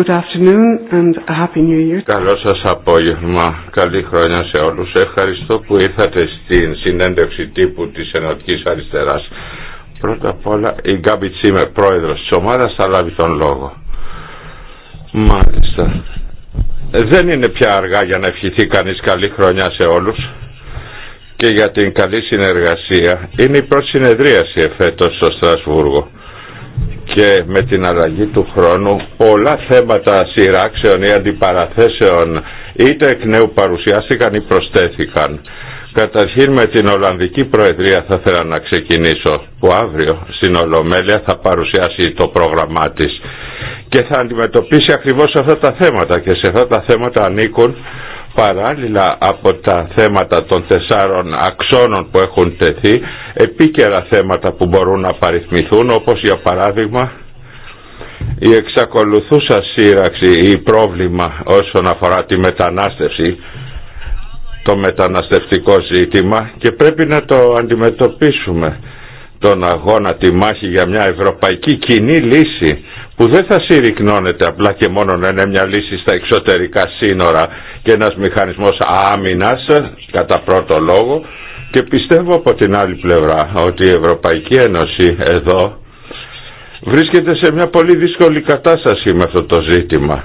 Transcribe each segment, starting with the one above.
Good afternoon and a happy Καλό σας απόγευμα. Καλή χρόνια σε όλους. Ευχαριστώ που ήρθατε στην συνέντευξη τύπου της Ενωτική Αριστερά. Πρώτα απ' όλα η Γκάμπι Τσίμερ, πρόεδρο τη ομάδα θα λάβει τον λόγο. Μάλιστα. Δεν είναι πια αργά για να ευχηθεί κανεί καλή χρονιά σε όλους και για την καλή συνεργασία. Είναι η πρώτη συνεδρίαση εφέτος στο Στρασβούργο και με την αλλαγή του χρόνου πολλά θέματα σειράξεων ή αντιπαραθέσεων είτε εκ νέου παρουσιάστηκαν ή προσθέθηκαν. Καταρχήν με την Ολλανδική Προεδρία θα ήθελα να ξεκινήσω που αύριο στην Ολομέλεια θα παρουσιάσει το πρόγραμμά της και θα αντιμετωπίσει ακριβώς αυτά τα θέματα και σε αυτά τα θέματα ανήκουν παράλληλα από τα θέματα των τεσσάρων αξώνων που έχουν τεθεί επίκαιρα θέματα που μπορούν να παριθμηθούν όπως για παράδειγμα η εξακολουθούσα σύραξη ή πρόβλημα όσον αφορά τη μετανάστευση το μεταναστευτικό ζήτημα και πρέπει να το αντιμετωπίσουμε τον αγώνα, τη μάχη για μια ευρωπαϊκή κοινή λύση που δεν θα συρρυκνώνεται απλά και μόνο να είναι μια λύση στα εξωτερικά σύνορα και ένας μηχανισμός άμυνας κατά πρώτο λόγο και πιστεύω από την άλλη πλευρά ότι η Ευρωπαϊκή Ένωση εδώ βρίσκεται σε μια πολύ δύσκολη κατάσταση με αυτό το ζήτημα.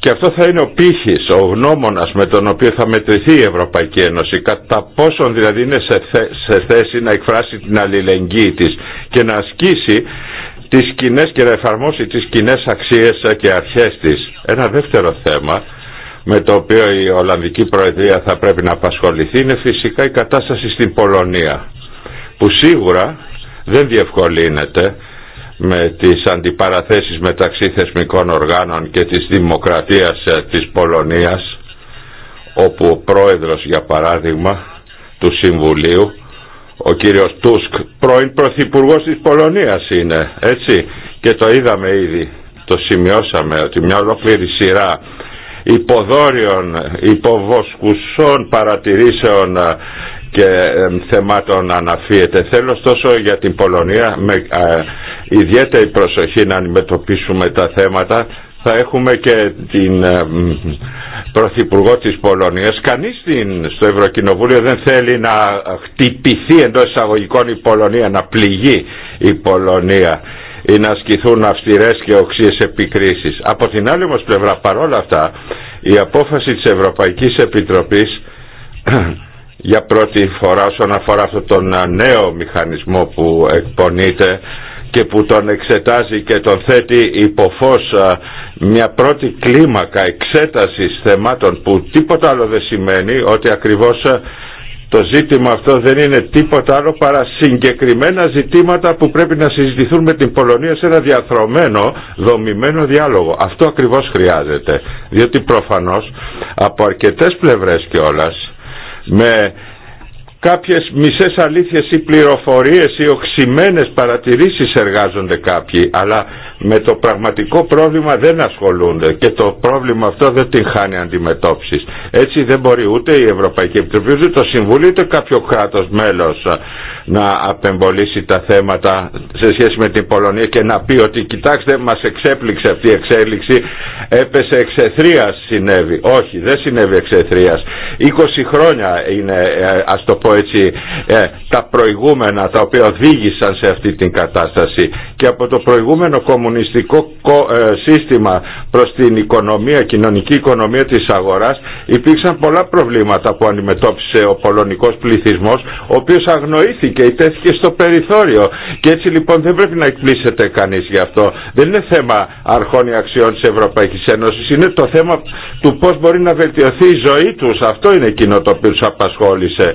Και αυτό θα είναι ο πύχης, ο γνώμονας με τον οποίο θα μετρηθεί η Ευρωπαϊκή Ένωση, κατά πόσον δηλαδή είναι σε θέση να εκφράσει την αλληλεγγύη της και να ασκήσει τις κοινέ και να εφαρμόσει τις κοινέ αξίες και αρχές της. Ένα δεύτερο θέμα με το οποίο η Ολλανδική Προεδρία θα πρέπει να απασχοληθεί είναι φυσικά η κατάσταση στην Πολωνία που σίγουρα δεν διευκολύνεται με τις αντιπαραθέσεις μεταξύ θεσμικών οργάνων και της δημοκρατίας ε, της Πολωνίας όπου ο πρόεδρος για παράδειγμα του Συμβουλίου ο κύριος Τούσκ, πρώην πρωθυπουργός της Πολωνίας είναι, έτσι. Και το είδαμε ήδη, το σημειώσαμε ότι μια ολόκληρη σειρά υποδόριων, υποβοσκουσών παρατηρήσεων ε, και ε, θεμάτων αναφύεται. Θέλω ωστόσο για την Πολωνία με ε, ιδιαίτερη προσοχή να αντιμετωπίσουμε τα θέματα θα έχουμε και την ε, Πρωθυπουργό της Πολωνίας. Κανείς στο Ευρωκοινοβούλιο δεν θέλει να χτυπηθεί εντός εισαγωγικών η Πολωνία, να πληγεί η Πολωνία ή να ασκηθούν αυστηρές και οξύες επικρίσεις. Από την άλλη όμως πλευρά παρόλα αυτά η απόφαση της Ευρωπαϊκής Επιτροπής για πρώτη φορά όσον αφορά αυτόν τον ε, νέο μηχανισμό που εκπονείται και που τον εξετάζει και τον θέτει υποφώς μια πρώτη κλίμακα εξέτασης θεμάτων που τίποτα άλλο δεν σημαίνει ότι ακριβώς το ζήτημα αυτό δεν είναι τίποτα άλλο παρά συγκεκριμένα ζητήματα που πρέπει να συζητηθούν με την Πολωνία σε ένα διαθρωμένο, δομημένο διάλογο. Αυτό ακριβώς χρειάζεται. Διότι προφανώς από αρκετές πλευρές κιόλας με κάποιες μισές αλήθειες ή πληροφορίες ή οξυμένες παρατηρήσεις εργάζονται κάποιοι, αλλά με το πραγματικό πρόβλημα δεν ασχολούνται και το πρόβλημα αυτό δεν την χάνει αντιμετώπιση. Έτσι δεν μπορεί ούτε η Ευρωπαϊκή Επιτροπή, ούτε το Συμβούλιο, ούτε κάποιο κράτο μέλο ε, να απεμπολίσει τα θέματα σε σχέση με την Πολωνία και να πει ότι κοιτάξτε μας εξέπληξε αυτή η εξέλιξη, έπεσε εξεθρίας συνέβη. Όχι, δεν συνέβη εξεθρίας. 20 χρόνια είναι, ε, ας το πω έτσι, ε, τα προηγούμενα τα οποία οδήγησαν σε αυτή την κατάσταση και από το προηγούμενο κόμμα ανταγωνιστικό ε, σύστημα προς την οικονομία, κοινωνική οικονομία της αγοράς υπήρξαν πολλά προβλήματα που αντιμετώπισε ο πολωνικός πληθυσμός ο οποίος αγνοήθηκε ή τέθηκε στο περιθώριο και έτσι λοιπόν δεν πρέπει να εκπλήσεται κανείς γι' αυτό δεν είναι θέμα αρχών ή αξιών της Ευρωπαϊκής Ένωσης είναι το θέμα του πώς μπορεί να βελτιωθεί η ζωή τους αυτό είναι εκείνο το οποίο τους απασχόλησε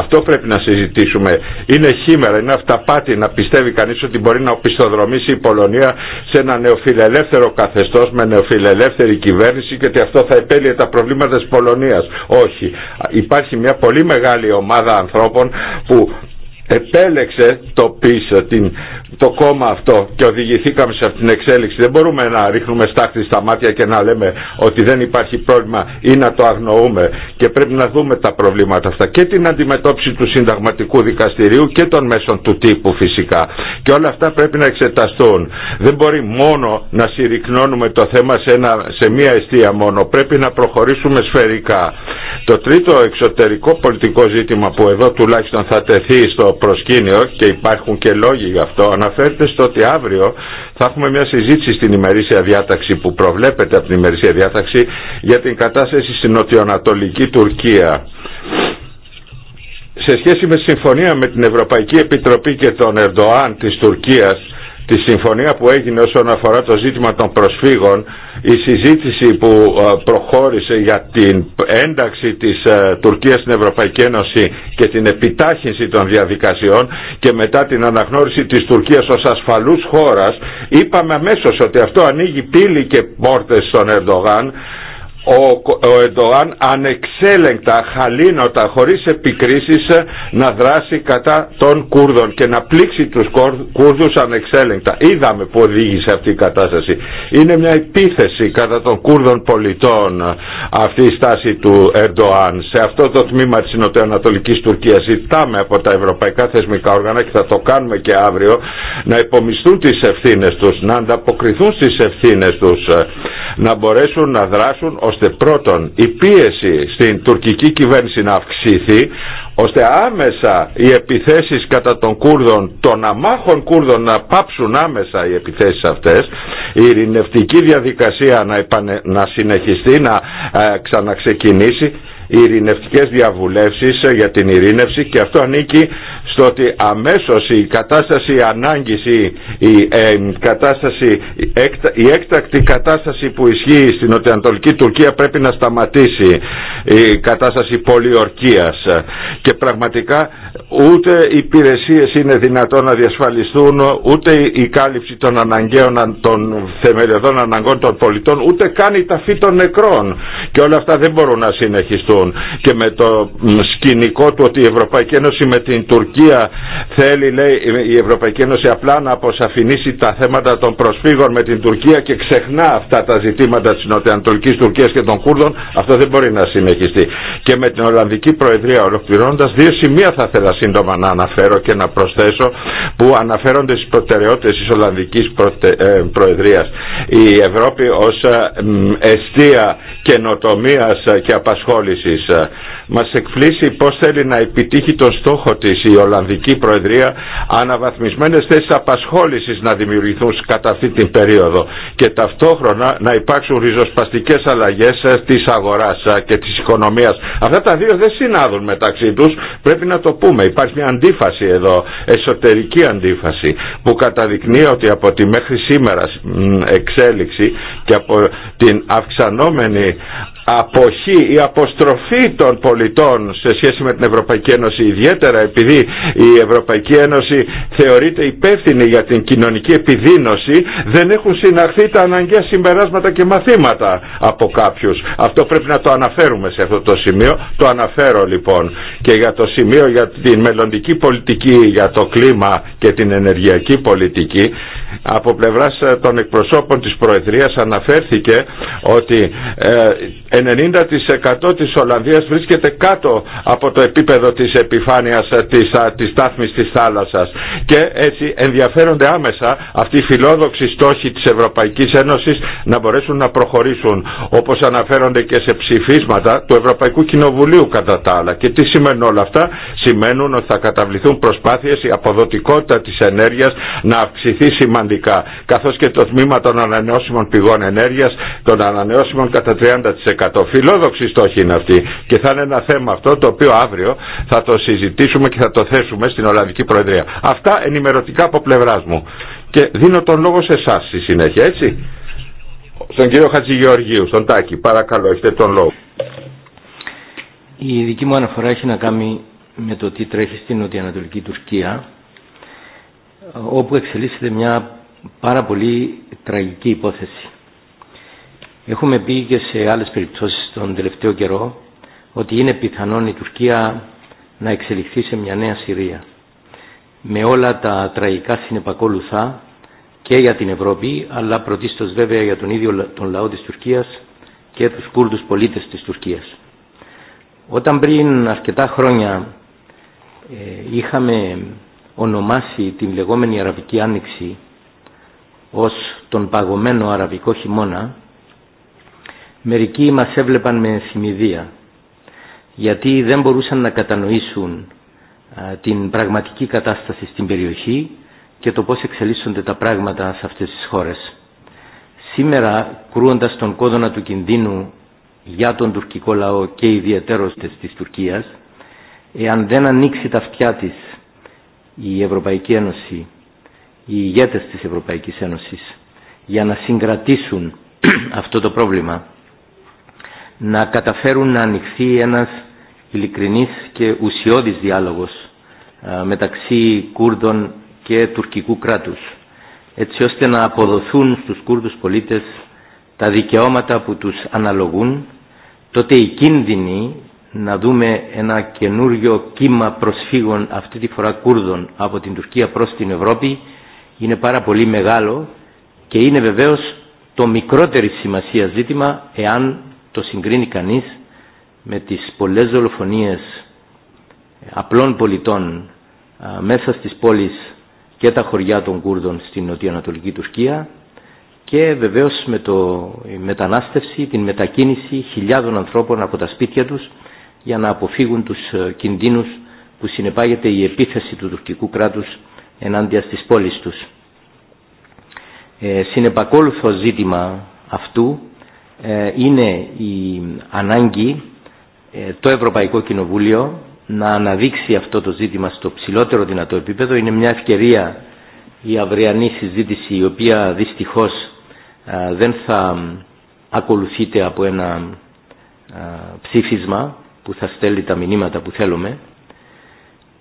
αυτό πρέπει να συζητήσουμε είναι χήμερα, είναι αυταπάτη να πιστεύει κανείς ότι μπορεί να οπισθοδρομήσει η Πολωνία σε ένα νεοφιλελεύθερο καθεστώς με νεοφιλελεύθερη κυβέρνηση και ότι αυτό θα επέλυε τα προβλήματα της Πολωνίας. Όχι. Υπάρχει μια πολύ μεγάλη ομάδα ανθρώπων που επέλεξε το πίσω, την, το κόμμα αυτό και οδηγηθήκαμε σε αυτήν την εξέλιξη. Δεν μπορούμε να ρίχνουμε στάχτη στα μάτια και να λέμε ότι δεν υπάρχει πρόβλημα ή να το αγνοούμε. Και πρέπει να δούμε τα προβλήματα αυτά και την αντιμετώπιση του συνταγματικού δικαστηρίου και των μέσων του τύπου φυσικά. Και όλα αυτά πρέπει να εξεταστούν. Δεν μπορεί μόνο να συρρυκνώνουμε το θέμα σε, ένα, σε μία αιστεία μόνο. Πρέπει να προχωρήσουμε σφαιρικά. Το τρίτο εξωτερικό πολιτικό ζήτημα που εδώ τουλάχιστον θα τεθεί στο προσκήνιο και υπάρχουν και λόγοι γι' αυτό αναφέρεται στο ότι αύριο θα έχουμε μια συζήτηση στην ημερήσια διάταξη που προβλέπεται από την ημερήσια διάταξη για την κατάσταση στην νοτιοανατολική Τουρκία σε σχέση με τη συμφωνία με την Ευρωπαϊκή Επιτροπή και τον Ερντοάν της Τουρκίας τη συμφωνία που έγινε όσον αφορά το ζήτημα των προσφύγων, η συζήτηση που ε, προχώρησε για την ένταξη της ε, Τουρκίας στην Ευρωπαϊκή Ένωση και την επιτάχυνση των διαδικασιών και μετά την αναγνώριση της Τουρκίας ως ασφαλούς χώρας, είπαμε αμέσως ότι αυτό ανοίγει πύλη και πόρτες στον Ερντογάν ο Εντοάν ανεξέλεγκτα, χαλήνοτα, χωρίς επικρίσεις ε, να δράσει κατά των Κούρδων και να πλήξει τους Κούρδους ανεξέλεγκτα. Είδαμε που οδήγησε αυτή η κατάσταση. Είναι μια επίθεση κατά των Κούρδων πολιτών ε, αυτή η στάση του Ερντοάν σε αυτό το τμήμα της νοτιοανατολικής Τουρκίας. Ζητάμε από τα ευρωπαϊκά θεσμικά όργανα και θα το κάνουμε και αύριο να υπομισθούν τις ευθύνες τους, να ανταποκριθούν στις ευθύνες τους, ε, να μπορέσουν να δράσουν ώστε πρώτον η πίεση στην τουρκική κυβέρνηση να αυξηθεί ώστε άμεσα οι επιθέσεις κατά των Κούρδων, των αμάχων Κούρδων να πάψουν άμεσα οι επιθέσεις αυτές, η ειρηνευτική διαδικασία να, να συνεχιστεί, να ε, ξαναξεκινήσει, οι ειρηνευτικές διαβουλεύσεις για την ειρήνευση και αυτό ανήκει στο ότι αμέσως η κατάσταση ανάγκης η, ε, κατάσταση, η έκτακτη κατάσταση που ισχύει στην νοτιοανατολική Τουρκία πρέπει να σταματήσει η κατάσταση πολιορκίας και πραγματικά ούτε οι υπηρεσίες είναι δυνατόν να διασφαλιστούν ούτε η κάλυψη των αναγκαίων των θεμελιωδών αναγκών των πολιτών ούτε καν η ταφή των νεκρών και όλα αυτά δεν μπορούν να συνεχιστούν και με το σκηνικό του ότι η Ευρωπαϊκή Ένωση με την Τουρκία Τουρκία θέλει λέει η Ευρωπαϊκή Ένωση απλά να αποσαφηνίσει τα θέματα των προσφύγων με την Τουρκία και ξεχνά αυτά τα ζητήματα της Νοτιοανατολικής Τουρκίας και των Κούρδων αυτό δεν μπορεί να συνεχιστεί και με την Ολλανδική Προεδρία ολοκληρώνοντας δύο σημεία θα ήθελα σύντομα να αναφέρω και να προσθέσω που αναφέρονται στις προτεραιότητες της Ολλανδικής ε, Προεδρίας η Ευρώπη ως ε, αιστεία καινοτομία ε, και απασχόλησης μας εκφλήσει πως θέλει να επιτύχει τον στόχο της η Ολλανδική Προεδρία αναβαθμισμένες θέσεις απασχόλησης να δημιουργηθούν κατά αυτή την περίοδο και ταυτόχρονα να υπάρξουν ριζοσπαστικές αλλαγές ε, της αγοράς ε, και της οικονομίας. Αυτά τα δύο δεν συνάδουν μεταξύ τους, πρέπει να το πούμε. Υπάρχει μια αντίφαση εδώ, εσωτερική αντίφαση που καταδεικνύει ότι από τη μέχρι σήμερα εξέλιξη και από την αυξανόμενη αποχή ή αποστροφή των πολιτών σε σχέση με την Ευρωπαϊκή Ένωση ιδιαίτερα επειδή η Ευρωπαϊκή Ένωση θεωρείται υπεύθυνη για την κοινωνική επιδείνωση δεν έχουν συναρθεί τα αναγκαία συμπεράσματα και μαθήματα από κάποιους. Αυτό πρέπει να το αναφέρουμε σε αυτό το σημείο. Το αναφέρω λοιπόν και για το σημείο για την μελλοντική πολιτική για το κλίμα και την ενεργειακή πολιτική από πλευράς ε, των εκπροσώπων της Προεδρίας αναφέρθηκε ότι 90% ε, της Ολλανδίας βρίσκεται κάτω από το επίπεδο της επιφάνειας ε, της, της στάθμης της θάλασσας και έτσι ενδιαφέρονται άμεσα αυτοί οι φιλόδοξοι στόχοι της Ευρωπαϊκής Ένωσης να μπορέσουν να προχωρήσουν όπως αναφέρονται και σε ψηφίσματα του Ευρωπαϊκού Κοινοβουλίου κατά τα άλλα και τι σημαίνουν όλα αυτά σημαίνουν ότι θα καταβληθούν προσπάθειες η αποδοτικότητα της ενέργειας να αυξηθεί σημαντικά Καθώ καθώς και το τμήμα των ανανεώσιμων πηγών ενέργειας, των ανανεώσιμων κατά 30%. Φιλόδοξη στόχη είναι αυτή και θα είναι ένα θέμα αυτό το οποίο αύριο θα το συζητήσουμε και θα το θέσουμε στην Ολλανδική Προεδρία. Αυτά ενημερωτικά από πλευρά μου. Και δίνω τον λόγο σε εσά στη συνέχεια, έτσι. Στον κύριο Χατζηγεωργίου, στον Τάκη, παρακαλώ, έχετε τον λόγο. Η δική μου αναφορά έχει να κάνει με το τι τρέχει στην νοτιοανατολική Τουρκία, όπου εξελίσσεται μια πάρα πολύ τραγική υπόθεση. Έχουμε πει και σε άλλες περιπτώσεις τον τελευταίο καιρό ότι είναι πιθανόν η Τουρκία να εξελιχθεί σε μια νέα Συρία με όλα τα τραγικά συνεπακόλουθα και για την Ευρώπη αλλά πρωτίστως βέβαια για τον ίδιο τον λαό της Τουρκίας και τους Κούρδους πολίτες της Τουρκίας. Όταν πριν αρκετά χρόνια ε, είχαμε ονομάσει την λεγόμενη Αραβική Άνοιξη ως τον παγωμένο αραβικό χειμώνα, μερικοί μας έβλεπαν με θυμηδία, γιατί δεν μπορούσαν να κατανοήσουν την πραγματική κατάσταση στην περιοχή και το πώς εξελίσσονται τα πράγματα σε αυτές τις χώρες. Σήμερα, κρούοντας τον κόδωνα του κινδύνου για τον τουρκικό λαό και ιδιαίτερος της Τουρκίας, εάν δεν ανοίξει τα αυτιά της η Ευρωπαϊκή Ένωση οι ηγέτες της Ευρωπαϊκής Ένωσης για να συγκρατήσουν αυτό το πρόβλημα, να καταφέρουν να ανοιχθεί ένας ειλικρινής και ουσιώδης διάλογος μεταξύ Κούρδων και τουρκικού κράτους, έτσι ώστε να αποδοθούν στους Κούρδους πολίτες τα δικαιώματα που τους αναλογούν, τότε οι κίνδυνοι να δούμε ένα καινούριο κύμα προσφύγων αυτή τη φορά Κούρδων από την Τουρκία προς την Ευρώπη είναι πάρα πολύ μεγάλο και είναι βεβαίως το μικρότερη σημασία ζήτημα εάν το συγκρίνει κανείς με τις πολλές δολοφονίες ε, απλών πολιτών μέσα στις πόλεις και τα χωριά των Κούρδων στην νοτιοανατολική Τουρκία και βεβαίως με το, μετανάστευση, την μετακίνηση χιλιάδων ανθρώπων από τα σπίτια τους για να αποφύγουν τους ε, κινδύνους που συνεπάγεται η επίθεση του τουρκικού κράτους ενάντια στις πόλεις τους. Ε, συνεπακόλουθο ζήτημα αυτού ε, είναι η ανάγκη ε, το Ευρωπαϊκό Κοινοβούλιο να αναδείξει αυτό το ζήτημα στο ψηλότερο δυνατό επίπεδο. Είναι μια ευκαιρία η αυριανή συζήτηση η οποία δυστυχώς ε, δεν θα ακολουθείται από ένα ψήφισμα που θα στέλνει τα μηνύματα που θέλουμε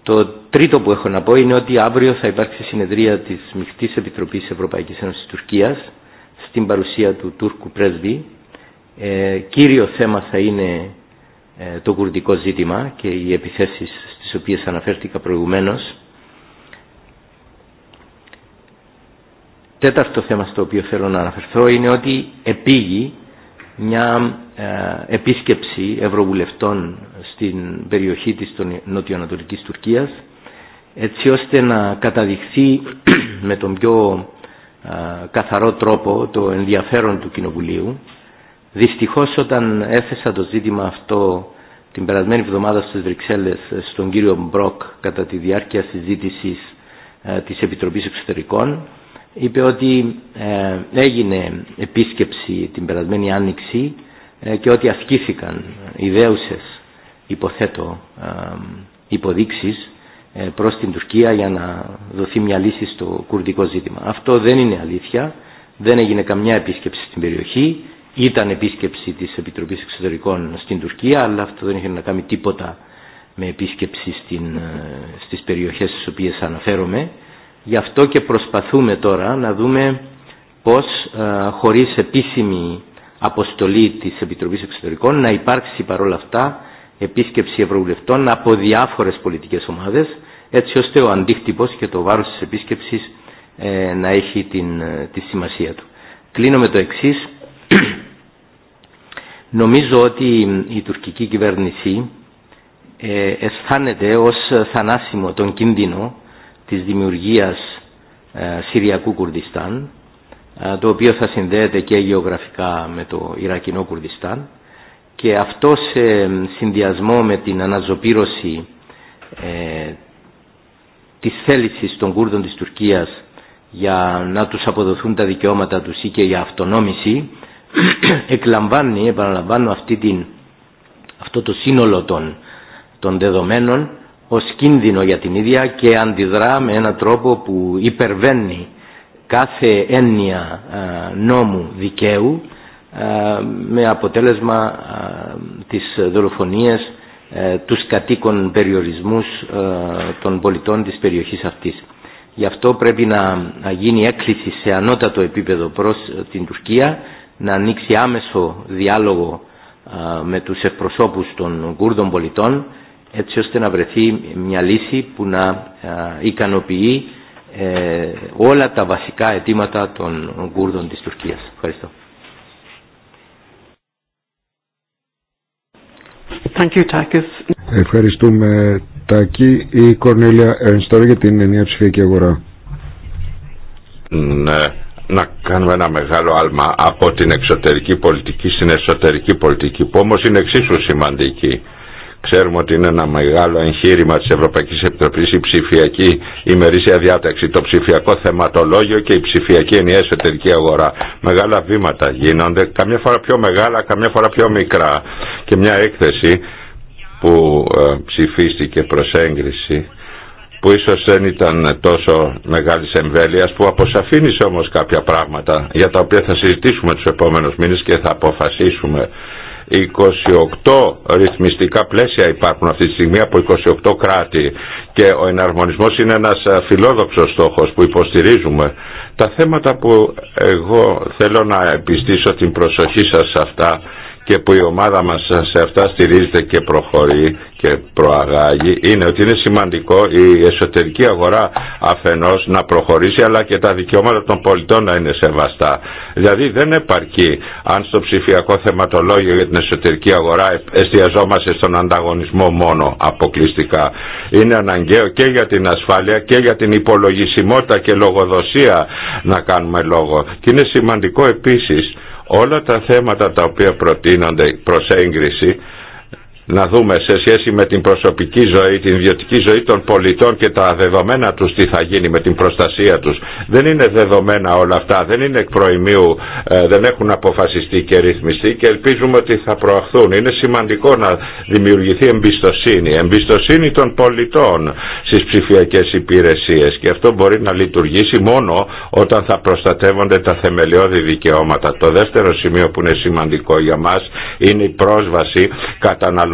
το τρίτο που έχω να πω είναι ότι αύριο θα υπάρξει συνεδρία της Μικτής Επιτροπής Ευρωπαϊκής Ένωσης Τουρκίας στην παρουσία του Τούρκου πρέσβη. Ε, κύριο θέμα θα είναι ε, το κουρδικό ζήτημα και οι επιθέσεις στις οποίες αναφέρθηκα προηγουμένως. Τέταρτο θέμα στο οποίο θέλω να αναφερθώ είναι ότι επήγει μια ε, επίσκεψη ευρωβουλευτών στην περιοχή της των νοτιοανατολικής Τουρκίας έτσι ώστε να καταδειχθεί με τον πιο καθαρό τρόπο το ενδιαφέρον του Κοινοβουλίου. Δυστυχώς όταν έθεσα το ζήτημα αυτό την περασμένη εβδομάδα στις Βρυξέλλες στον κύριο Μπροκ κατά τη διάρκεια συζήτησης της Επιτροπής Εξωτερικών είπε ότι ε, έγινε επίσκεψη την περασμένη άνοιξη ε, και ότι ασκήθηκαν ιδέουσες υποθέτω υποδείξεις ε, προς την Τουρκία για να δοθεί μια λύση στο κουρδικό ζήτημα. Αυτό δεν είναι αλήθεια. Δεν έγινε καμιά επίσκεψη στην περιοχή. Ήταν επίσκεψη της Επιτροπής Εξωτερικών στην Τουρκία, αλλά αυτό δεν είχε να κάνει τίποτα με επίσκεψη στην, ε, στις περιοχές στις οποίες αναφέρομαι. Γι' αυτό και προσπαθούμε τώρα να δούμε πώς ε, χωρίς επίσημη αποστολή της Επιτροπής Εξωτερικών να υπάρξει παρόλα αυτά επίσκεψη ευρωβουλευτών από διάφορες πολιτικές ομάδες έτσι ώστε ο αντίκτυπο και το βάρος της επίσκεψης ε, να έχει την, ε, τη σημασία του. Κλείνω με το εξή: Νομίζω ότι η τουρκική κυβέρνηση ε, αισθάνεται ως θανάσιμο τον κίνδυνο της δημιουργίας Συριακού Κουρδιστάν το οποίο θα συνδέεται και γεωγραφικά με το Ιρακινό Κουρδιστάν και αυτό σε συνδυασμό με την αναζωπήρωση ε, της θέλησης των Κούρδων της Τουρκίας για να τους αποδοθούν τα δικαιώματα τους ή και για αυτονόμηση εκλαμβάνει, επαναλαμβάνω αυτή την, αυτό το σύνολο των, των δεδομένων ως κίνδυνο για την ίδια και αντιδρά με έναν τρόπο που υπερβαίνει κάθε έννοια ε, νόμου δικαίου ε, με αποτέλεσμα ε, τις δολοφονίες, ε, τους κατοίκων περιορισμούς ε, των πολιτών της περιοχής αυτής. Γι' αυτό πρέπει να γίνει έκκληση σε ανώτατο επίπεδο προς ε, την Τουρκία να ανοίξει άμεσο διάλογο με τους εκπροσώπους των Κούρδων πολιτών έτσι ώστε να βρεθεί μια λύση που να ικανοποιεί όλα τα βασικά αιτήματα των Κούρδων της Τουρκίας. Ευχαριστώ. Ευχαριστούμε Τάκη ή Κορνέλια Ερνστόρ για την ενιαία ψηφιακή αγορά. Ναι, να κάνουμε ένα μεγάλο άλμα από την εξωτερική πολιτική στην εσωτερική πολιτική που όμως είναι εξίσου σημαντική. Ξέρουμε ότι είναι ένα μεγάλο εγχείρημα της Ευρωπαϊκής Επιτροπής η ψηφιακή ημερήσια διάταξη, το ψηφιακό θεματολόγιο και η ψηφιακή ενιαία εσωτερική αγορά. Μεγάλα βήματα γίνονται, καμιά φορά πιο μεγάλα, καμιά φορά πιο μικρά και μια έκθεση που ε, ψηφίστηκε προς έγκριση που ίσως δεν ήταν τόσο μεγάλης εμβέλειας που αποσαφήνισε όμως κάποια πράγματα για τα οποία θα συζητήσουμε τους επόμενους μήνες και θα αποφασίσουμε 28 ρυθμιστικά πλαίσια υπάρχουν αυτή τη στιγμή από 28 κράτη και ο εναρμονισμός είναι ένας ε, φιλόδοξος στόχος που υποστηρίζουμε. Τα θέματα που εγώ θέλω να επιστήσω την προσοχή σας σε αυτά και που η ομάδα μας σε αυτά στηρίζεται και προχωρεί και προαγάγει είναι ότι είναι σημαντικό η εσωτερική αγορά αφενός να προχωρήσει αλλά και τα δικαιώματα των πολιτών να είναι σεβαστά. Δηλαδή δεν επαρκεί αν στο ψηφιακό θεματολόγιο για την εσωτερική αγορά ε, εστιαζόμαστε στον ανταγωνισμό μόνο αποκλειστικά. Είναι αναγκαίο και για την ασφάλεια και για την υπολογισμότητα και λογοδοσία να κάνουμε λόγο. Και είναι σημαντικό επίσης όλα τα θέματα τα οποία προτείνονται προς έγκριση να δούμε σε σχέση με την προσωπική ζωή, την ιδιωτική ζωή των πολιτών και τα δεδομένα τους τι θα γίνει με την προστασία τους. Δεν είναι δεδομένα όλα αυτά, δεν είναι εκ προημίου, ε, δεν έχουν αποφασιστεί και ρυθμιστεί και ελπίζουμε ότι θα προαχθούν. Είναι σημαντικό να δημιουργηθεί εμπιστοσύνη, εμπιστοσύνη των πολιτών στις ψηφιακές υπηρεσίες και αυτό μπορεί να λειτουργήσει μόνο όταν θα προστατεύονται τα θεμελιώδη δικαιώματα. Το δεύτερο σημείο που είναι σημαντικό για μας είναι η πρόσβαση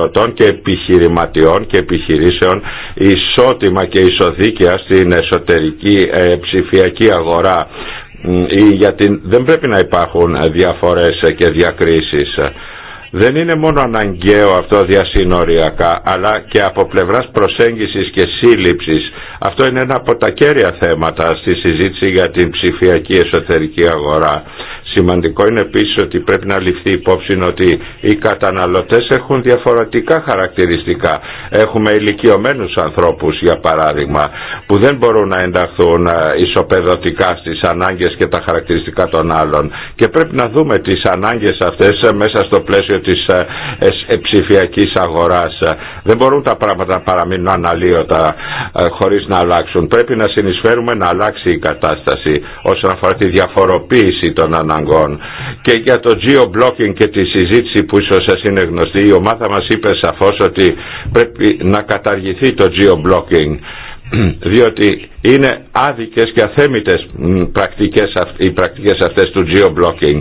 και επιχειρηματιών και επιχειρήσεων ισότιμα και ισοδίκαια στην εσωτερική ε, ψηφιακή αγορά. Για την... Δεν πρέπει να υπάρχουν διαφορές και διακρίσεις. Δεν είναι μόνο αναγκαίο αυτό διασυνοριακά, αλλά και από πλευράς προσέγγισης και σύλληψης. Αυτό είναι ένα από τα κέρια θέματα στη συζήτηση για την ψηφιακή εσωτερική αγορά. Σημαντικό είναι επίσης ότι πρέπει να ληφθεί υπόψη ότι οι καταναλωτές έχουν διαφορετικά χαρακτηριστικά. Έχουμε ηλικιωμένους ανθρώπους για παράδειγμα που δεν μπορούν να ενταχθούν ε, ισοπεδωτικά στις ανάγκες και τα χαρακτηριστικά των άλλων και πρέπει να δούμε τις ανάγκες αυτές ε, μέσα στο πλαίσιο της ε, ψηφιακής αγοράς. Δεν μπορούν τα πράγματα να παραμείνουν αναλύωτα χωρίς να αλλάξουν. Πρέπει να συνεισφέρουμε να αλλάξει η κατάσταση όσον αφορά τη διαφοροποίηση των αναγκών και για το geo-blocking και τη συζήτηση που ίσως σας είναι γνωστή, η ομάδα μας είπε σαφώς ότι πρέπει να καταργηθεί το geo-blocking διότι είναι άδικες και αθέμητες πρακτικές, οι πρακτικές αυτές του geo-blocking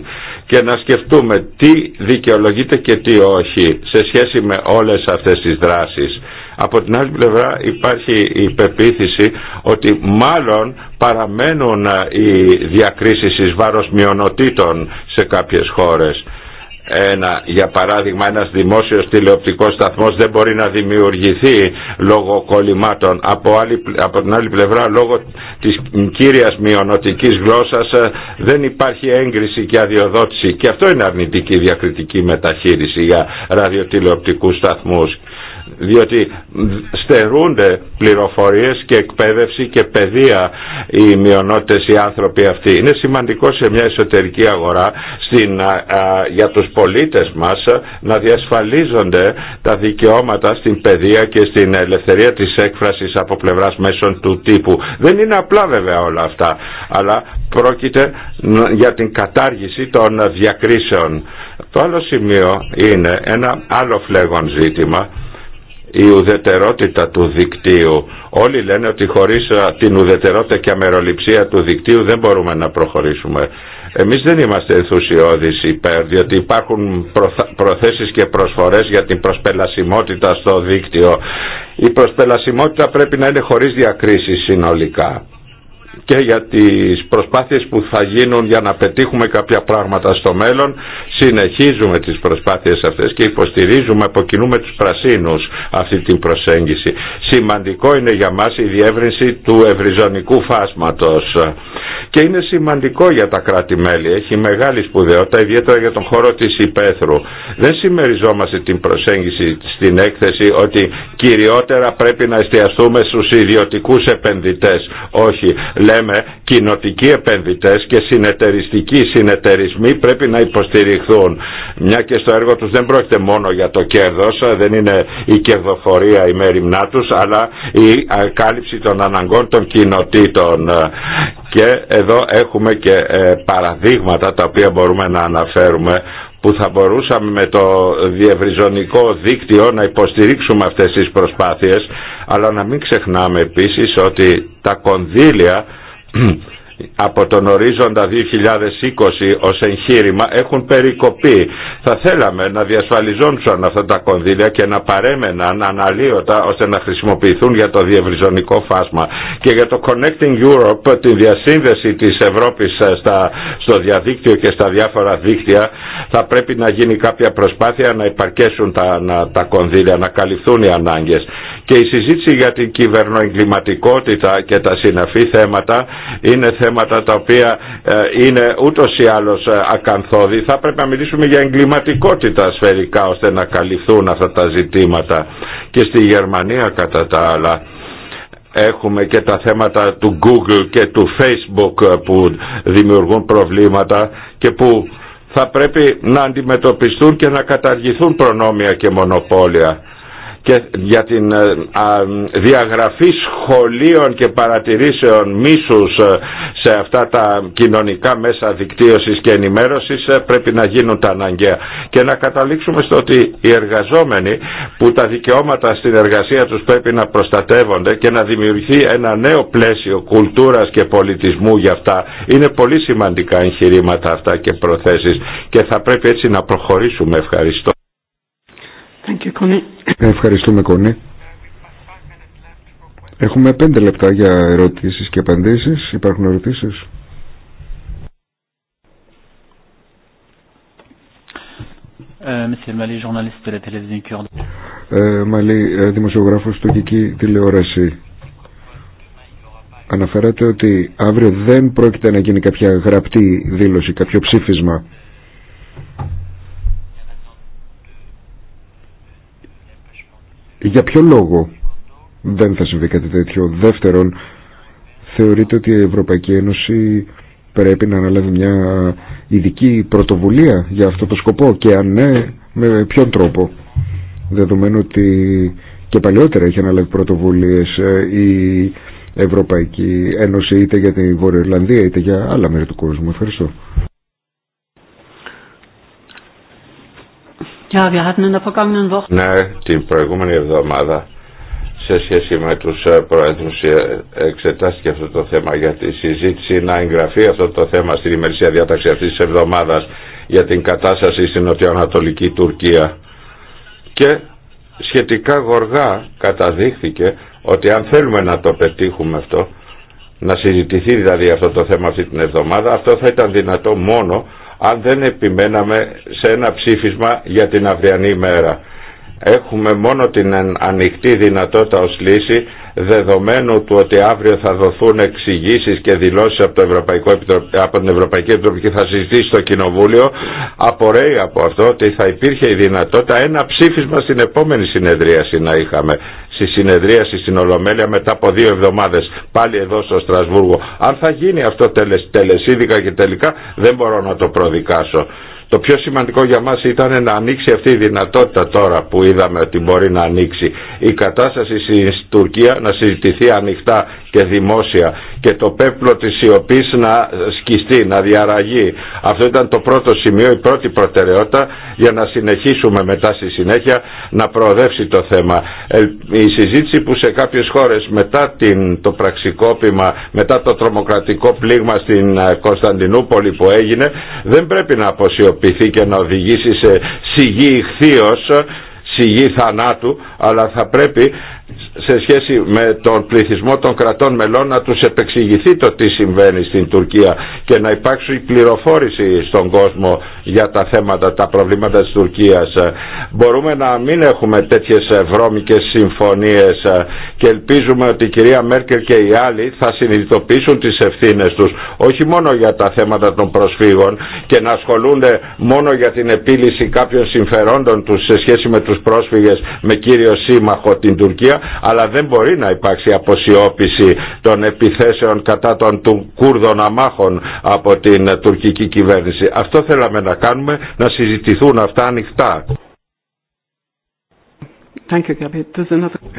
και να σκεφτούμε τι δικαιολογείται και τι όχι σε σχέση με όλες αυτές τις δράσεις από την άλλη πλευρά υπάρχει η πεποίθηση ότι μάλλον παραμένουν ε, οι διακρίσεις εις βάρος μειονοτήτων σε κάποιες χώρες ένα, για παράδειγμα ένας δημόσιος τηλεοπτικός σταθμός δεν μπορεί να δημιουργηθεί λόγω κολλημάτων από, από την άλλη πλευρά λόγω της κύριας μειονοτικής γλώσσας ε, δεν υπάρχει έγκριση και αδειοδότηση και αυτό είναι αρνητική διακριτική μεταχείριση για ραδιοτηλεοπτικούς σταθμούς διότι στερούνται πληροφορίες και εκπαίδευση και παιδεία οι μειονότητες οι άνθρωποι αυτοί. Είναι σημαντικό σε μια εσωτερική αγορά στην, για τους πολίτες μας να διασφαλίζονται τα δικαιώματα στην παιδεία και στην ελευθερία της έκφρασης από πλευράς μέσων του τύπου. Δεν είναι απλά βέβαια όλα αυτά, αλλά πρόκειται για την κατάργηση των διακρίσεων. Το άλλο σημείο είναι ένα άλλο φλέγον ζήτημα η ουδετερότητα του δικτύου. Όλοι λένε ότι χωρίς την ουδετερότητα και αμεροληψία του δικτύου δεν μπορούμε να προχωρήσουμε. Εμείς δεν είμαστε ενθουσιώδεις υπέρ, διότι υπάρχουν προθέσεις και προσφορές για την προσπελασιμότητα στο δίκτυο. Η προσπελασιμότητα πρέπει να είναι χωρίς διακρίσεις συνολικά και για τις προσπάθειες που θα γίνουν για να πετύχουμε κάποια πράγματα στο μέλλον. Συνεχίζουμε τις προσπάθειες αυτές και υποστηρίζουμε, αποκοινούμε τους πρασίνους αυτή την προσέγγιση. Σημαντικό είναι για μας η διεύρυνση του ευρυζωνικού φάσματος και είναι σημαντικό για τα κράτη-μέλη. Έχει μεγάλη σπουδαιότητα, ιδιαίτερα για τον χώρο της υπαίθρου. Δεν συμμεριζόμαστε την προσέγγιση στην έκθεση ότι κυριότερα πρέπει να εστιαστούμε στους ιδιωτικούς επενδυτές. Όχι, λέμε κοινοτικοί επενδυτές και συνεταιριστικοί συνεταιρισμοί πρέπει να υποστηριχθούν. Μια και στο έργο τους δεν πρόκειται μόνο για το κέρδος, δεν είναι η κερδοφορία η μέρημνά τους, αλλά η κάλυψη των αναγκών των κοινοτήτων. Και εδώ έχουμε και ε, παραδείγματα τα οποία μπορούμε να αναφέρουμε που θα μπορούσαμε με το διευρυζωνικό δίκτυο να υποστηρίξουμε αυτές τις προσπάθειες αλλά να μην ξεχνάμε επίσης ότι τα κονδύλια από τον ορίζοντα 2020 ως εγχείρημα έχουν περικοπεί. Θα θέλαμε να διασφαλιζόντουσαν αυτά τα κονδύλια και να παρέμεναν αναλύωτα ώστε να χρησιμοποιηθούν για το διευρυζωνικό φάσμα. Και για το Connecting Europe, τη διασύνδεση της Ευρώπης ε, στα, στο διαδίκτυο και στα διάφορα δίκτυα, θα πρέπει να γίνει κάποια προσπάθεια να υπαρκέσουν τα, τα κονδύλια, να καλυφθούν οι ανάγκες και η συζήτηση για την κυβερνοεγκληματικότητα και τα συναφή θέματα είναι θέματα τα οποία ε, είναι ούτως ή άλλως ε, ακαθόδη. Θα πρέπει να μιλήσουμε για εγκληματικότητα σφαιρικά ώστε να καλυφθούν αυτά τα ζητήματα και στη Γερμανία κατά τα άλλα έχουμε και τα θέματα του Google και του Facebook ε, που δημιουργούν προβλήματα και που θα πρέπει να αντιμετωπιστούν και να καταργηθούν προνόμια και μονοπόλια και για την ε, διαγραφή σχολείων και παρατηρήσεων μίσους ε, σε αυτά τα κοινωνικά μέσα δικτύωσης και ενημέρωσης ε, πρέπει να γίνουν τα αναγκαία και να καταλήξουμε στο ότι οι εργαζόμενοι που τα δικαιώματα στην εργασία τους πρέπει να προστατεύονται και να δημιουργηθεί ένα νέο πλαίσιο κουλτούρας και πολιτισμού για αυτά είναι πολύ σημαντικά εγχειρήματα αυτά και προθέσεις και θα πρέπει έτσι να προχωρήσουμε ευχαριστώ Ευχαριστούμε Κονή. Έχουμε πέντε λεπτά για ερωτήσεις και απαντήσεις. Υπάρχουν ερωτήσεις. Μαλή, ε, ε, ε, δημοσιογράφος του Κική Τηλεόραση. Αναφέρατε ότι αύριο δεν πρόκειται να γίνει κάποια γραπτή δήλωση, κάποιο ψήφισμα. Για ποιο λόγο δεν θα συμβεί κάτι τέτοιο. Δεύτερον, θεωρείτε ότι η Ευρωπαϊκή Ένωση πρέπει να αναλάβει μια ειδική πρωτοβουλία για αυτό το σκοπό και αν ναι, με ποιον τρόπο. Δεδομένου ότι και παλιότερα έχει αναλάβει πρωτοβουλίες ε, η Ευρωπαϊκή Ένωση είτε για τη Βόρεια Ιρλανδία είτε για άλλα μέρη του κόσμου. Ευχαριστώ. Ναι, την προηγούμενη εβδομάδα σε σχέση με τους ε, πρόεδρους ε, εξετάστηκε αυτό το θέμα για τη συζήτηση να εγγραφεί αυτό το θέμα στην ημερησία διάταξη αυτής της εβδομάδας για την κατάσταση στην νοτιοανατολική Τουρκία και σχετικά γοργά καταδείχθηκε ότι αν θέλουμε να το πετύχουμε αυτό να συζητηθεί δηλαδή αυτό το θέμα αυτή την εβδομάδα αυτό θα ήταν δυνατό μόνο αν δεν επιμέναμε σε ένα ψήφισμα για την αυριανή μέρα. Έχουμε μόνο την ανοιχτή δυνατότητα ως λύση δεδομένου του ότι αύριο θα δοθούν εξηγήσει και δηλώσεις από, το Ευρωπαϊκό από την Ευρωπαϊκή Επιτροπή και θα συζητήσει στο Κοινοβούλιο απορρέει από αυτό ότι θα υπήρχε η δυνατότητα ένα ψήφισμα στην επόμενη συνεδρίαση να είχαμε στη συνεδρίαση στην Ολομέλεια μετά από δύο εβδομάδες πάλι εδώ στο Στρασβούργο. Αν θα γίνει αυτό τελεσίδικα και τελικά δεν μπορώ να το προδικάσω. Το πιο σημαντικό για μας ήταν να ανοίξει αυτή η δυνατότητα τώρα που είδαμε ότι μπορεί να ανοίξει. Η κατάσταση στην Τουρκία να συζητηθεί ανοιχτά και δημόσια και το πέπλο της σιωπής να σκιστεί, να διαραγεί. Αυτό ήταν το πρώτο σημείο, η πρώτη προτεραιότητα για να συνεχίσουμε μετά στη συνέχεια να προοδεύσει το θέμα. Ε, η συζήτηση που σε κάποιες χώρες μετά την, το πραξικόπημα, μετά το τρομοκρατικό πλήγμα στην ε, Κωνσταντινούπολη που έγινε δεν πρέπει να αποσιωπηθεί και να οδηγήσει σε σιγή ηχθείως σιγή θανάτου, αλλά θα πρέπει σε σχέση με τον πληθυσμό των κρατών μελών να τους επεξηγηθεί το τι συμβαίνει στην Τουρκία και να υπάρξει πληροφόρηση στον κόσμο για τα θέματα, τα προβλήματα της Τουρκίας. Μπορούμε να μην έχουμε τέτοιες βρώμικες συμφωνίες και ελπίζουμε ότι η κυρία Μέρκελ και οι άλλοι θα συνειδητοποιήσουν τις ευθύνε τους όχι μόνο για τα θέματα των προσφύγων και να ασχολούνται μόνο για την επίλυση κάποιων συμφερόντων τους σε σχέση με τους πρόσφυγες με κύριο σύμμαχο την Τουρκία αλλά δεν μπορεί να υπάρξει αποσιώπηση των επιθέσεων κατά των Κούρδων αμάχων από την τουρκική κυβέρνηση. Αυτό θέλαμε να κάνουμε, να συζητηθούν αυτά ανοιχτά.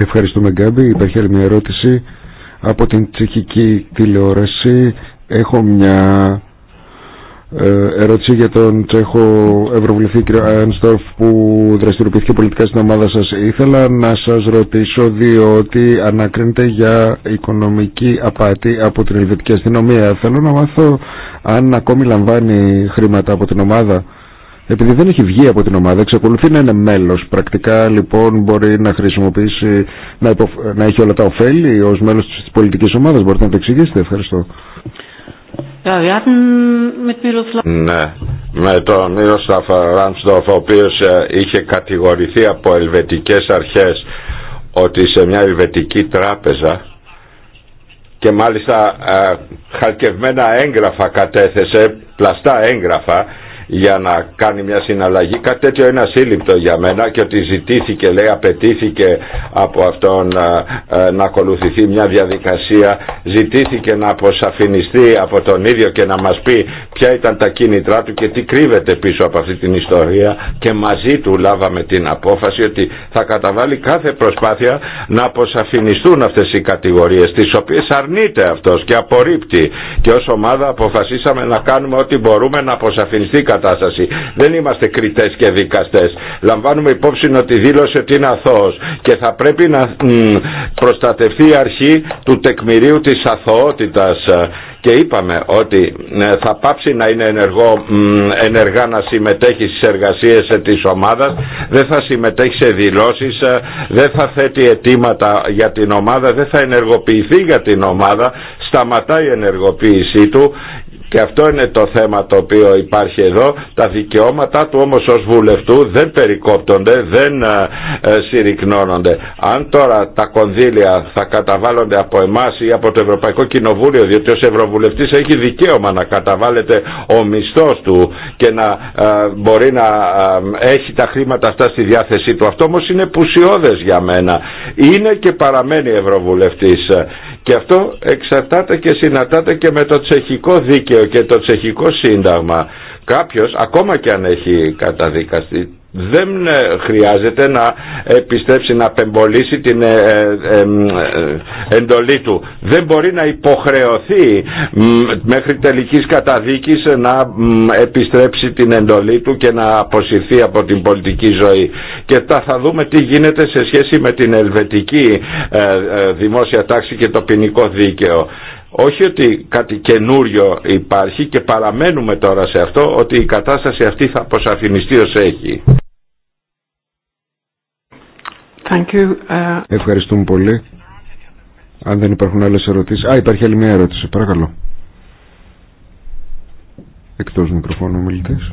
Ευχαριστούμε Γκάμπη. Υπάρχει άλλη μια ερώτηση από την τσεχική τηλεόραση. Έχω μια ε, ερώτηση για τον Τσέχο Ευρωβουλευτή κ. Άνστορφ που δραστηριοποιήθηκε πολιτικά στην ομάδα σας. Ήθελα να σας ρωτήσω διότι ανακρίνεται για οικονομική απάτη από την Ελβετική Αστυνομία. Θέλω να μάθω αν ακόμη λαμβάνει χρήματα από την ομάδα. Επειδή δεν έχει βγει από την ομάδα, εξακολουθεί να είναι μέλος. Πρακτικά λοιπόν μπορεί να χρησιμοποιήσει, να, υποφ... έχει όλα τα ωφέλη ως μέλος της πολιτικής ομάδας. Μπορείτε να το εξηγήσετε. Ευχαριστώ. Ναι, με τον Μύροσλαφ Ράμστοφ ο οποίος ε, είχε κατηγορηθεί από ελβετικές αρχές ότι σε μια ελβετική τράπεζα και μάλιστα ε, χαλκευμένα έγγραφα κατέθεσε, πλαστά έγγραφα για να κάνει μια συναλλαγή. Κάτι τέτοιο είναι ασύλληπτο για μένα και ότι ζητήθηκε, λέει, απαιτήθηκε από αυτόν να ακολουθηθεί μια διαδικασία, ζητήθηκε να αποσαφινιστεί από τον ίδιο και να μας πει ποια ήταν τα κίνητρά του και τι κρύβεται πίσω από αυτή την ιστορία και μαζί του λάβαμε την απόφαση ότι θα καταβάλει κάθε προσπάθεια να αποσαφινιστούν αυτές οι κατηγορίες τις οποίες αρνείται αυτός και απορρίπτει και ως ομάδα αποφασίσαμε να κάνουμε ό,τι μπορούμε να αποσαφινιστεί κατάσταση. Δεν είμαστε κριτές και δικαστέ. Λαμβάνουμε υπόψη ότι δήλωσε ότι είναι αθώο και θα πρέπει να προστατευτεί η αρχή του τεκμηρίου της αθωότητας και είπαμε ότι ε, θα πάψει να είναι ενεργό, ενεργά να συμμετέχει στι εργασίες ε, της ομάδα, δεν θα συμμετέχει σε δηλώσεις, ε, δεν θα θέτει αιτήματα για την ομάδα, δεν θα ενεργοποιηθεί για την ομάδα, σταματάει η ενεργοποίησή του και αυτό είναι το θέμα το οποίο υπάρχει εδώ. Τα δικαιώματά του όμως ως βουλευτού δεν περικόπτονται, δεν ε, ε, συρρυκνώνονται. Αν τώρα τα κονδύλια θα καταβάλλονται από εμάς ή από το Ευρωπαϊκό Κοινοβούλιο, διότι ο Ευρωβουλευτής έχει δικαίωμα να καταβάλλεται ο μισθός του και να ε, μπορεί να ε, έχει τα χρήματα αυτά στη διάθεσή του. Αυτό όμως είναι πουσιώδες για μένα. Είναι και παραμένει Ευρωβουλευτής. Και αυτό εξαρτάται και συναρτάται και με το τσεχικό δίκαιο και το τσεχικό σύνταγμα. Κάποιος, ακόμα και αν έχει καταδικαστεί δεν ε, χρειάζεται να επιστρέψει να απεμπολίσει την ε, ε, εντολή του. Δεν μπορεί να υποχρεωθεί μέχρι τελικής καταδίκης να επιστρέψει την εντολή του και να αποσυρθεί από την πολιτική ζωή. Και τα θα δούμε τι γίνεται σε σχέση με την ελβετική δημόσια τάξη και το ποινικό δίκαιο. Όχι ότι κάτι καινούριο υπάρχει και παραμένουμε τώρα σε αυτό ότι η κατάσταση αυτή θα αποσαφινιστεί ως έχει. Thank you. Uh, Ευχαριστούμε πολύ. Αν δεν υπάρχουν άλλες ερωτήσεις. Α, υπάρχει άλλη μια ερώτηση. Παρακαλώ. Εκτός μικροφώνου ο μιλητής.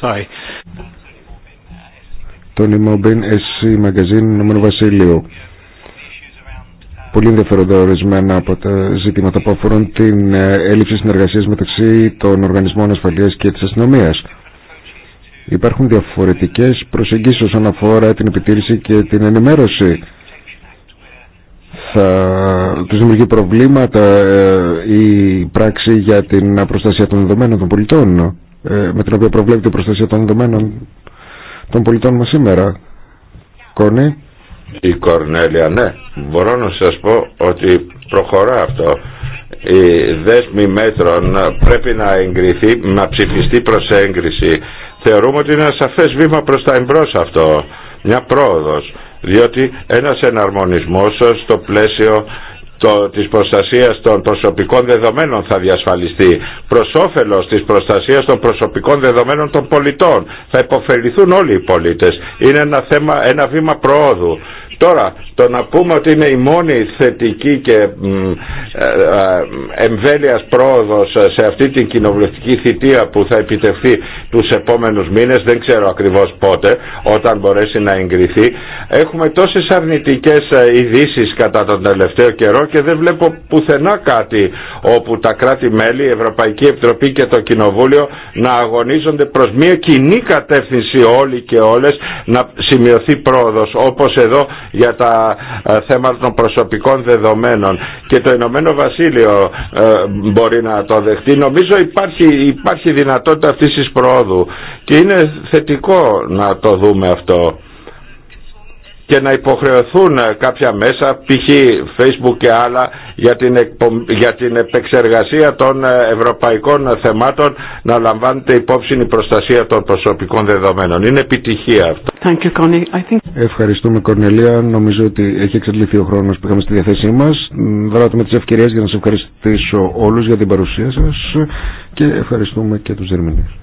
Sorry. Τόνι Μόμπιν, SC Magazine, Ηνωμένο Βασίλειο. Πολύ ενδιαφέροντα ορισμένα από τα ζητήματα που αφορούν την ε, έλλειψη συνεργασίας μεταξύ των οργανισμών ασφαλείας και της αστυνομίας. Υπάρχουν διαφορετικές προσεγγίσεις όσον αφορά την επιτήρηση και την ενημέρωση. Θα τους δημιουργεί προβλήματα ε, η πράξη για την προστασία των δεδομένων των πολιτών ε, με την οποία προβλέπεται η προστασία των δεδομένων των πολιτών μα σήμερα. Κόνη. Η Κορνέλια, ναι. Μπορώ να σας πω ότι προχωρά αυτό η δέσμη μέτρων πρέπει να εγκριθεί, να ψηφιστεί προς έγκριση Θεωρούμε ότι είναι ένα σαφές βήμα προς τα εμπρός αυτό, μια πρόοδος, διότι ένας εναρμονισμός στο πλαίσιο τη της προστασίας των προσωπικών δεδομένων θα διασφαλιστεί προς όφελος της προστασίας των προσωπικών δεδομένων των πολιτών θα υποφεληθούν όλοι οι πολίτες είναι ένα θέμα, ένα βήμα προόδου Τώρα, το να πούμε ότι είναι η μόνη θετική και ε, ε, εμβέλειας πρόοδος σε αυτή την κοινοβουλευτική θητεία που θα επιτευχθεί τους επόμενους μήνες, δεν ξέρω ακριβώς πότε, όταν μπορέσει να εγκριθεί. Έχουμε τόσες αρνητικές ε, ειδήσει κατά τον τελευταίο καιρό και δεν βλέπω πουθενά κάτι όπου τα κράτη-μέλη, η Ευρωπαϊκή Επιτροπή και το Κοινοβούλιο να αγωνίζονται προς μια κοινή κατεύθυνση όλοι και όλες να σημειωθεί πρόοδος όπως εδώ για τα ε, θέματα των προσωπικών δεδομένων και το Ηνωμένο Βασίλειο ε, μπορεί να το δεχτεί. Νομίζω υπάρχει, υπάρχει δυνατότητα αυτής της προόδου και είναι θετικό να το δούμε αυτό και να υποχρεωθούν κάποια μέσα, π.χ. Facebook και άλλα, για την, για την επεξεργασία των ε, ευρωπαϊκών θεμάτων να λαμβάνεται υπόψη η προστασία των προσωπικών δεδομένων. Είναι επιτυχία αυτό. Thank you, Ευχαριστούμε, Κορνελία. Νομίζω ότι έχει εξαντληθεί ο χρόνος που είχαμε στη διαθέσή μας. Δράτω με τις ευκαιρίες για να σας ευχαριστήσω όλους για την παρουσία σας και ευχαριστούμε και τους δερμηνείς.